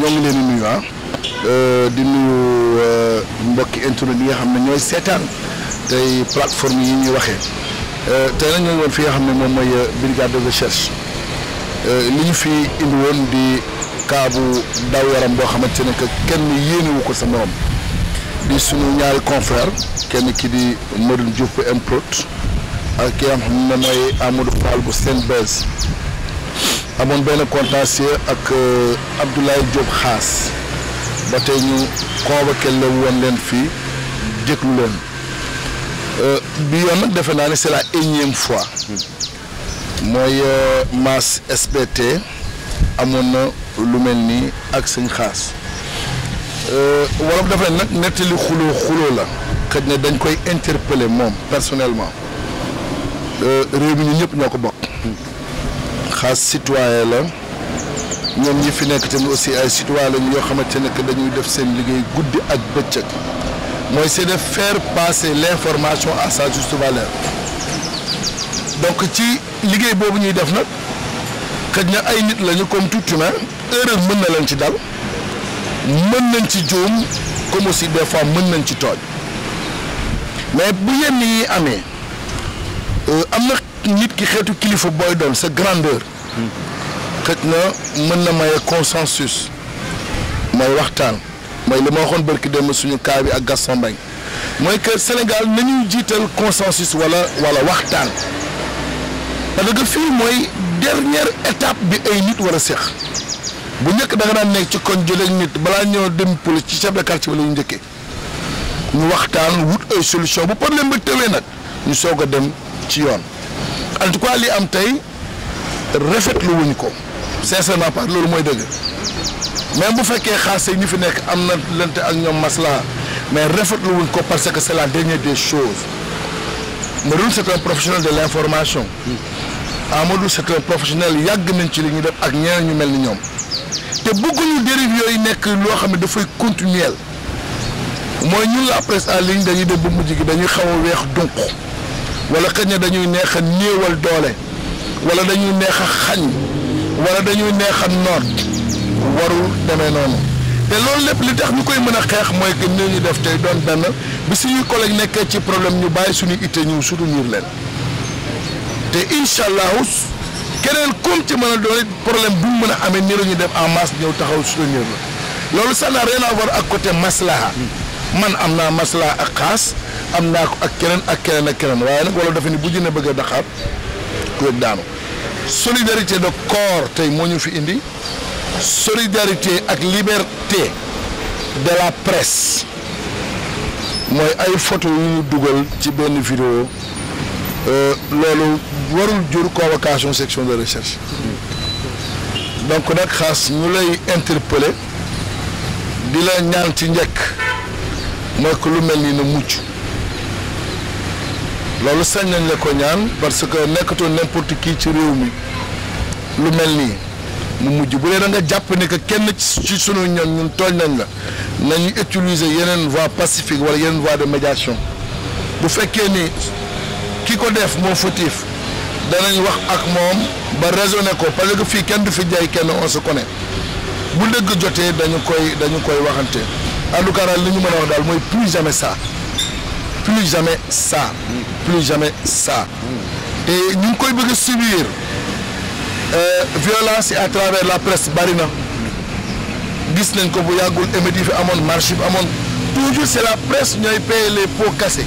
ñoo ngi leen di nuyu ah euh, di nuyu euh, mbokki internet yi nga xam ne ñooy seetaan tey plateforme yi ñuy waxee euh, tey nag ñoo woon fi nga xam ne moom mooy brigade de recherche li ñu fi indiwoon di kaabu daw yaram boo xamante ne que kenn yéenewu ko sa morom di suñu ñaari confrère kenn ki di Modou Diouf bu Mprod ak ki nga xam ne mooy Amadou Fall bu Senbez amoon benn contentieux ak euh, Abdoulaye Diop Xaas ba tey ñu convoqué la woon leen fii déglu leen euh, bi yoon nag defe naa ne c'est la énième fois mooy euh, masse SBT amoon na lu mel nii ak sëñ Xaas wala dafa ne nag nettali xuloo xuloo la kañ ne dañ koy interpeller moom personnellement réew mi ñu ñëpp ñoo ko bokk xaas citoyen la ñoom ñi fi nekk tamit aussi ay citoyen lañu yoo xamante ne dañuy def seen liggéey guddi ak bëccëg mooy c'est de faire passer l'information à sa juste valeur donc ci liggéey boobu ñuy def nag xëj na ay nit lañu comme tout humain mën na leen ci dal mën nañ ci juum comme aussi des fois mën nañ ci tooñ mais bu yenn yi amee euh, am na nit ki xeetu kilifa booy doon sa grandeur xëj na mën na maye consensus mooy waxtaan mooy li ma waxoon barki démb suñu kaa bi ak Gaston Mbengue mooy que Sénégal nañu jiital consensus wala wala waxtaan parce que fii mooy dernière étape bi ay nit war a seq bu njëkk danga daan nekk ci kon jëlee nit balaa ñëw dem police ci chef de quartier wala ñu njëkkee ñu waxtaan wut ay solution bu problème ba tëwee nag ñu soog a dem ci yoon en tout am tey. rafetlu wuñ ko sincèrement par loolu mooy dëgg mais bu fekkee xaase ñu fi nekk am na lente ak ñoom maslaa mais rafetlu wuñ ko parce que c'est la dernière de choses Medoune c'est un professionnel de l'information Amadou c'est un professionnel yàgg nañ ci li ñu def ak ñeneen ñu mel ni ñoom te bëgguñu dérive yooyu nekk loo xam ne dafay continuel mooy ñun la presse en ligne dañuy dem ba mujj gi dañuy xaw a weex donc wala xëy na dañuy neex a néewal doole. wala dañuy neex a xañ wala dañuy neex a noot warul demee noonu te loolu lépp li tax ñu koy mën a xeex mooy que ñu ñu def tey doon benn bi suñuy collègue nekkee ci problème ñu bàyyi suñu itte ñu soutenir leen te incha allahu keneen comme ci mën a doon problème bu mën a amee nii la ñu def en masse ñëw taxaw soutenir la loolu ça n'a rien à voir ak côté maslaha man am naa maslaha ak xaas am naa ko ak keneen ak keneen ak keneen waaye nag wala ni bu jëne bëgg a daxaat tuur daanu solidarité de corps tey moo ñu fi indi solidarité ak liberté de la presse mooy ay photo yu ñu dugal ci benn vidéo euh, loolu warul jur convocation section de recherche donc nag xaas ñu lay interpeller di la ñaan ci njëkk mooy ko lu mel nii na mucc loolu sañ nañ la ko ñaan parce que nekkatoo n'importe kii ci réew mi lu mel nii mu mujj bu dee nga jàpp ni que kenn ci sunu ñoom ñun tooñ nañ la nañu utiliser yeneen voie pacifique wala yeneen voie de médiation bu fekkee ni ki ko def moo fautif danañu wax ak moom ba raisonné ko parce que fii kenn du fi jaay kenn on se connaît bu dëgg jotee dañu koy dañu koy waxante en tout li ñu mën a wax daal mooy plus jamais ça. plus jamais ça. plus jamais ça. te ñu ngi koy bëgg a subir euh, violence yi à travers la presse bari na gis nañ ko bu yàggul émeutes fi amoon marché bi amoon toujours c'est la presse ñooy payer les pots cassés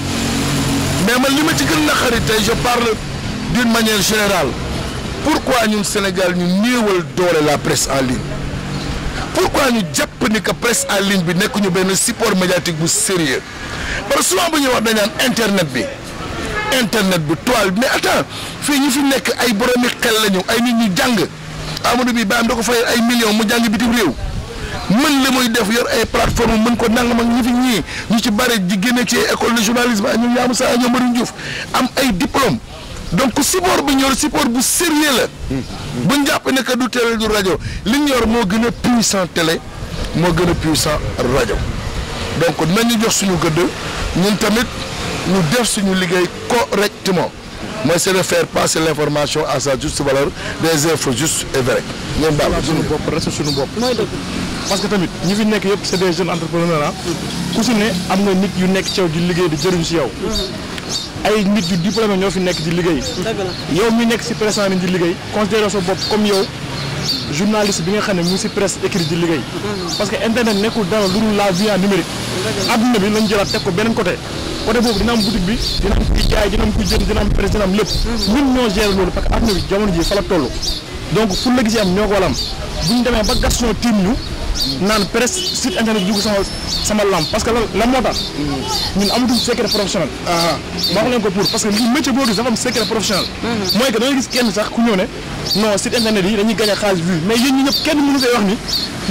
mais man li ma ci gën naqari tey je parle d'une manière générale pourquoi ñun Sénégal ñu néewal doole la presse en ligne. pourquoi ñu jàpp ni que presse en ligne bi nekkuñu benn support médiatique bu sérieux parce que souvent bu ñuy wax dañ naan internet bi internet bu toile bi mais attends fii ñu fi nekk ay boromi xel lañu ay nit ñu jàng Amadou bi baam da ko fayal ay million mu jàng bitim réew mën li muy def yor ay plateforme mën ko nangam ak ñi fi ñii ñu ci bare ji génne ci école de journalisme ak ñoom Yamoussa ak ñoom Marie Diouf am ay diplôme donc support bu ñor support bu sérieux la bu ñu jàpp ne du télé du rajo li ñu yor moo gën a puissant télé moo gën a puissant rajo donc nañu jox suñu gëdd ñun tamit ñu def suñu liggéey correctement mooy c'est de faire passer l'information à sa juste valeur des infos justes et vraies ñoom daal suñu bopp reste suñu bopp parce que tamit ñi fi nekk yëpp c'est des jeunes entrepreneurs ah. ku si ne am na nit yu nekk ci yow di liggéey di jëriñ si yow. ay nit yu diplômé ñoo fi nekk di liggéey. yow mi nekk si presse en di liggéey. considéré sa bopp comme yow journaliste bi nga xam ne mu si presse écrit di liggéey. parce que internet nekkul dara lu dul la vie en adduna bi lañ jëlaat teg ko beneen côté. côté boobu dina am boutique bi dina am kuy jaay dina am kuy jënd dina am presse demee naan presse site internet dugg sama sama lamb parce que lan lan moo tax. Hmm. ñun amatuñ secret professionnel. Ah. ma hmm. mooy que da gis kenn sax ku ñëw ne non site internet yi dañuy gagné xaalis vue mais yéen ñi ñëpp kenn mënu fee wax ni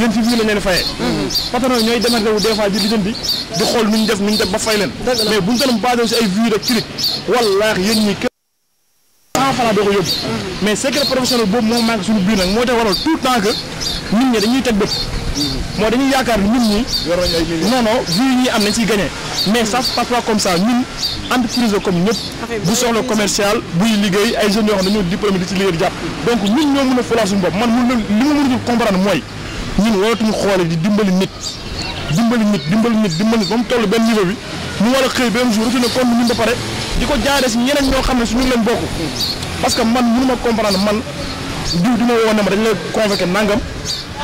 yéen fi vue lañ leen fayee. Hmm. patron ñooy demante wu des fois di lijjanti di xool nu ñu def nu dem ba fay leen. mais bu ñu doon basé si ay vue rek clic wallaahi yéen ñi xanaa doo ko yóbbu mais secret professionnel boobu moo manqué suñu biir moo dañuy yaakaar ni ñun ñi non non vues ñi am nañ ciy gagné mais ça se passe pas comme ça ñun entreprise comme ñëpp bu soxla commercial buy liggéey ay jeunes yoo xam ne ñoo diplômé di ci liggéey di ñun a fulaal suñu bopp dimbali nit dimbali nit dimbali nit dimbali nit ba ko jaaree si ñeneen xam ne suñu leen bokk parce que man mënu ma man di ma woo ne ma dañ lay convoqué nangam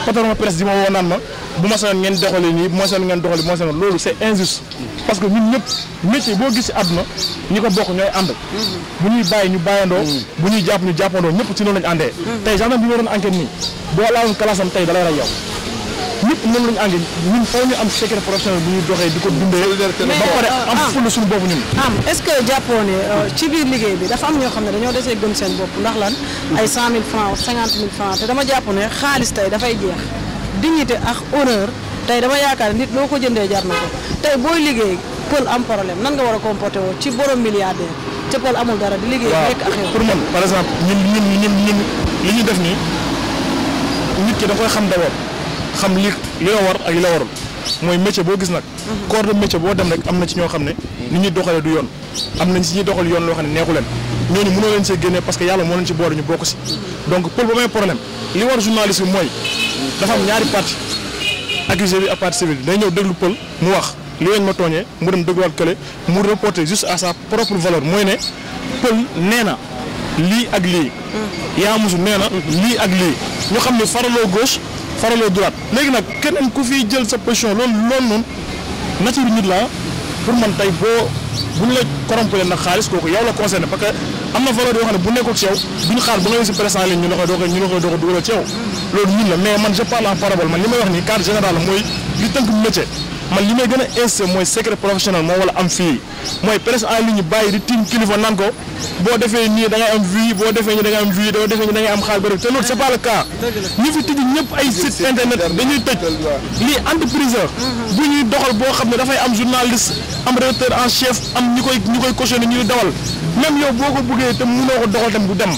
patron presse di ma woo naan ma bu ma sonoon ngeen doxali nii bu ma sonoon ngeen doxali bu ma sonoon loolu c'est injuste parce que ñun ñëpp métier boo gis ci àdduna ñi ko bokk ñooy ànd mm-hmm. bu ñuy bàyyi ñu bàyyandoo mm-hmm. bu ñuy jàpp ñu jàppandoo ñëpp ci noonu lañu àndee mm-hmm. tey gendarme bi ma doon enquête nii boo laaloon kalaasam tey da lay yow ñëpp noonu lañu ànd ñun foo ñu am secret professionnel bu ñuy doxee di ko dundee. ba pare am am est-ce que jàppoo ne euh, ci biir liggéey bi dafa am ñoo xam ne dañoo desee gën seen bopp ndax lan ay cent mille franc cinquante mille franc te dama jàpp ne xaalis tey dafay jeex dignité ak honneur tey dama yaakaar nit loo ko jëndee jar na ko tey booy liggéey pël am problème nan nga war a comporté woo ci borom milliardaire te pël amul dara di liggéey rek ak pour man par exemple ñun ñun ñun ñun li ñu def nii nit ki da koy xam d'abord xam li li la war ak la warul mooy métier boo gis nag. Mhm. corps de boo dem rek am na ci ñoo xam ne. Mhm. ni ñuy doxalee du yoon. am nañ si ñuy doxal yoon loo xam ne neexu leen ñooñu mënoo leen see génne parce que yàlla moo leen ñu bokk si. Mhm. donc pël ba may problème li war mooy dafa am ñaari parti accusé bi ak partie civile bi day ñëw déglu pël mu wax li leen ma tooñee mu dem dégluwaat kële mu reporter juste a sa propre valeur mooy ne pël nee na lii ak lii. yaa musu nee na lii ak lii ñu xam ne faraloo gos faralee droite léegi nag keneen ku fi jël sa position loolu loolu noonu nature nit la pour man tey boo buñ la corrompre nag xaalis kooku yow la concerné parce que am na valeur yoo xam ne bu nekkoon ci yow duñ xaar bu nga si président leen ñu la koy doog a ñu la koy doog a dugalal ci loolu ñun la mais man je parle en man li may wax nii cadre général mooy li tënk métier man li may gën a insisté mooy secret professionnel moo wala am fii mooy presse en ligne bàyyi di tiim kilifa nan ko boo defee nii da ngay am vie boo defee nii da am vie boo defee nii da xaal bërëb te loolu c'est pas le cas ñu fi tëj ñëpp ay site internet dañuy mm-hmm. ñuy doxal boo xam ne dafay am journaliste am rédacteur en chef am ñi koy ñu koy cautionné ñuy dawal même yow boo ko buggee te mënoo ko doxal dem du dem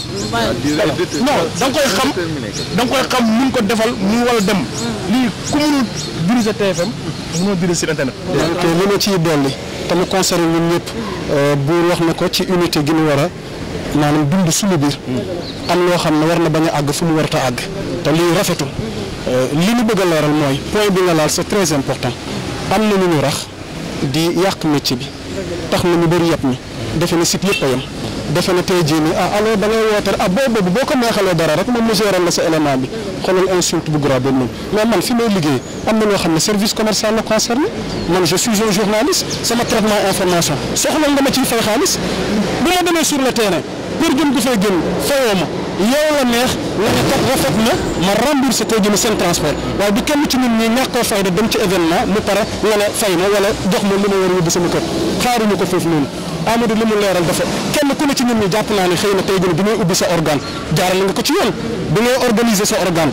non da koy xam da nga koy xam mun ko defal mu wala dem mm-hmm. lii ku mënul diriger TFM mënoo diri site internet. donc li ma ciy dolli te mu concerné ñun euh, buur wax na ko ci unité gi ñu war a maanaam dund suñu biir hmm. am loo xam ne war na bañ a àgg fu mu warta àgg te lii rafetul euh, li ñu bëgg a leeral mooy point bi nga laal c'est très important am na ñu ñu rax di yàq métier bi tax na ñu bëri yàpp ni defe ne site yëpp a defe na tey jii nii ah alors da ngay woote ah boo boobu boo ko neexalee dara rek moom mu géral sa élément bi xoolal insulte bu grave boobu noonu mais man fi may liggéey am na loo ne service commercial la concerné man je suis un journaliste sama traitement information soxla nga ma ciy fay xaalis bu ma demee sur le terrain pour jëm gu fay génn fayoo ma yow la neex nga ne kat rafet na ma remboursé ko jëm seen transport waaye kenn ci ñun ñi ñàkkoo fayda dem ci événement mu pare wala fay na wala jox ma lu ma war a yóbbu sama kër xaaruñu ko foofu noonu. Amadou li mu leeral dafa kenn ku ne ci ñun ñi jàpp naa ne xëy na tey jii bi ngay ubbi sa organe jaaral nga ko ci yoon bi ngay organiser sa organe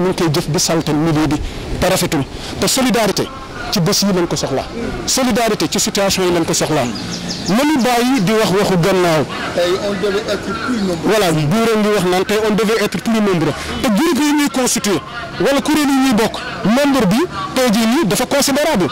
mu ngi koy jëf di saltal milieu bi te rafetul te solidarité ci bés yi lañ ko soxla solidarité ci situation yi lañ ko soxla nanu bàyyi di wax waxu gannaaw. tey on devait être plus nombreux. voilà buuroon di wax naan tey on devait être plus nombreux te groupe ñuy constitué wala kuréel yi ñuy bokk nombre bi tey jii nii dafa considérable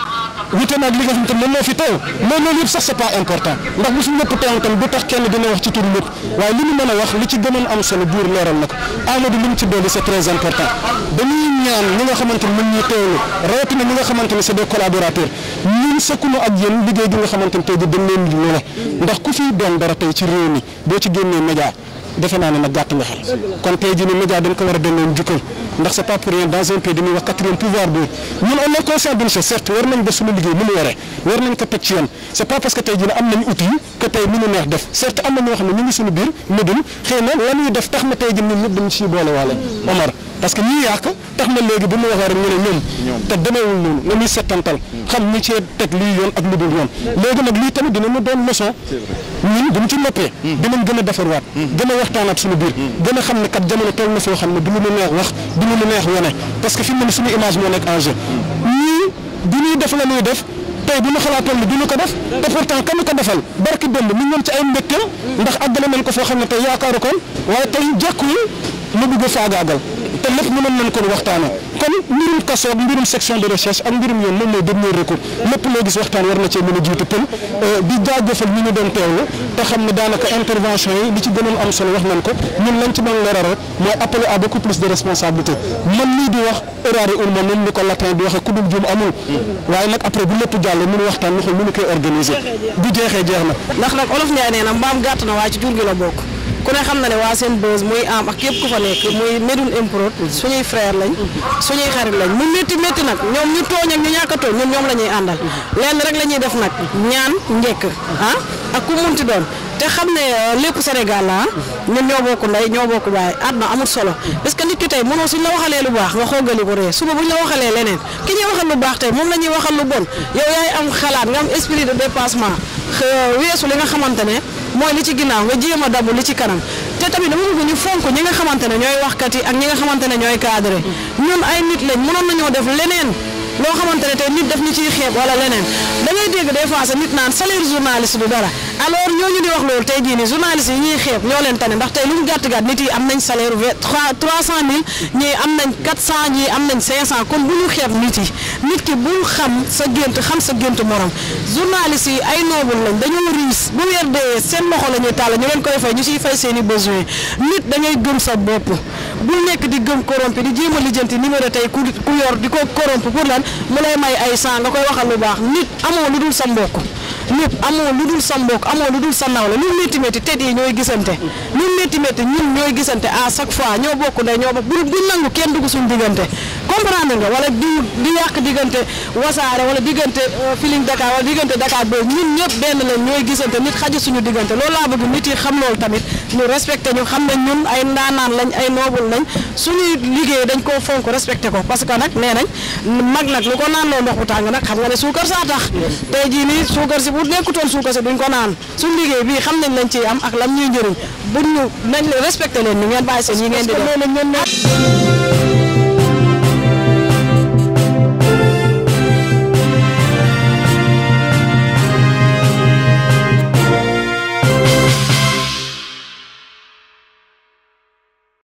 wute naag li nga xam te moom moo fi teew mais loolu yëpp sax c'est pas important ndax bu su ñëpp teewoon tam du tax kenn dina wax ci tur lépp waaye li ñu mën a wax li ci gënoon am solo buur leeral na ko Amadou li mu ci dolli c'est très important dañuy ñaan ñi nga xamante ni mën ñuy teewlu rawatina ñi nga xamante ni c'est des collaborateurs ñun sëkkunu ak yéen liggéey gi nga xamante ni tey ji dañ leen di ne ndax ku fi doon dara tey ci réew mi boo ci génnee média defe naa ne nag gàtt nga xel kon tey jii ne média dañ ko war a delloo jukkal ndax c'est pas pour rien dans un pays dañuy wax quatrième pouvoir bi ñun on est conscient d'une chose certes war nañ ba suñu liggéey mu mu waree war nañ ko teg ci yoon c'est pas parce que tey jii ne am nañ outil na tey mënu neex def certes am na ñoo xam ne ñu ngi suñu biir medul xëy na la def tax na tey jëm ñun ñëpp dañu boole waale Omar parce que ñii yàq tax na léegi bu ñu waxee rek ñu ne ñoom te demeewul noonu la ñuy settantal xam ñi cee teg lii yoon ak lu dul yoon léegi nag lii tamit dinañu doon leçon ñun bu ñu ci noppee hmm. dinañ gën a defarwaat hmm. gën a waxtaanaat suñu biir hmm. gën a xam ne kat jamono toll na foo xam ne du lu neex wax du lu neex wane parce que fi mu ne suñu image moo nekk bu ñuy def la ñuy def tey bu ñu xalaatoon ne du ñu ko def te pourtant kan ko defal barki démb mi ñoom ci ay mbégteem ndax àggale nañ ko foo xam ne tey yaakaaru kon waaye tey jàkkuwul mu bëgg faagaagal te lépp mënoon nañ ko waxtaanee kon mbirum kaso ak mbirum section de recherche ak mbirum yoon moom mooy dernier recours lépp loo gis waxtaan war na cee mën a jiitu kon euh, di jaajëfal ñi ñu doon teewlu te xam ne daanaka intervention yi li ci gënoon am solo wax nañ ko ñun lañ ci doon leeral rek mooy appeler à beaucoup plus de responsabilité man lii di wax errare ulma moom ni ko latin di waxee ku dul juum amul waaye nag après bu lépp jàll mënu waxtaan ñu xool mënu koy organiser bu jeexee jeex na ndax nag olof ñaa nee na mbaam gàtt na waaye ci jur ku ne xam na ne waa seen bose muy am ak képp ku fa nekk muy Médoune Impro mhm. suñuy frère lañ mhm. suñuy xarit lañ mu métti métti nag ñoom ñu tooñ ak ñu ñàkk a tooñ ñun ñoom la ñuy àndal mhm. lenn rek la ñuy def nag ñaan njekk ah ak ku munti doon te xam ne euh, lépp Sénégal la ah, ñun ñoo bokk ndey ñoo bokk baay àdduna amul solo parce que nit ki tey mënoo suñ la waxalee lu baax nga xoogali ko ree suba buñ la waxalee leneen ki ñuy waxal lu baax tey moom la ñuy waxal lu bon yow yaay am xalaat nga am esprit de dépassement weesu li nga xamante ne mooy li ci ginnaaw nga jéem a dabu li ci kanam te tamit dama bëgg ñu fonk ñi nga xamante ne ñooy wax yi ak ñi nga xamante ne ñooy cadre ñun ay nit lañ mënoon nañoo def leneen loo xamante ne tey nit daf ñu ciy xeeb wala leneen da ngay dégg des fois sax nit naan salaire journaliste du dara alors ñooñu di wax loolu tey jii nii journaliste yi ñuy xeeb ñoo leen tane ndax tey lu mu gàtt gàtt nit yi am nañ salaire vingt trois trois cent mille ñii am nañ quatre cent ñii am nañ cinq cent kon bu ñu xeeb nit yi nit ki bul xam sa gént xam sa gént morom journaliste yi ay noobul lañ dañoo riis bu weer dee seen loxo la ñuy tàll ñu leen koy fay ñu ciy fay seen i besoin nit da ngay gëm sa bu nekk di gëm corrompu di jéem a lijjanti numéro tey ku ku yor di ko corrompu pour lan mu lay may ay sang nga koy waxal lu baax nit amoo lu dul sa mbokk nit amoo lu dul sa mbokk amoo lu dul sa nawle lu métti métti tet yi ñooy gisante lu métti métti ñun ñooy gisante à chaque fois ñoo bokk nday ñoo bokk bu bu nangu kenn dugg suñu diggante comprendre nga wala di yàq diggante wasaare wala diggante euh, Feeling Dakar wala diggante Dakar boobu ñun ñëpp benn la ñooy gisante nit xaja suñu diggante loolu laa bëgg nit yi xam loolu tamit ñu respecté ñu xam ne ñun ay ndaanaan lañ ay noobul lañ suñuy liggéey dañ koo fonk respecté ko parce que nag nee nañ mag nag lu ko naan loo ndox bu tàng nag xam nga ne suukar saa tax tey jii nii suukar si bu nekkutoon suukar si duñ ko naan suñu liggéey bii xam nañ lañ ciy am ak lam ñuy njëriñ buñ ñu nañ respecté leen ñu ngeen bàyyi seen yi ngeen di def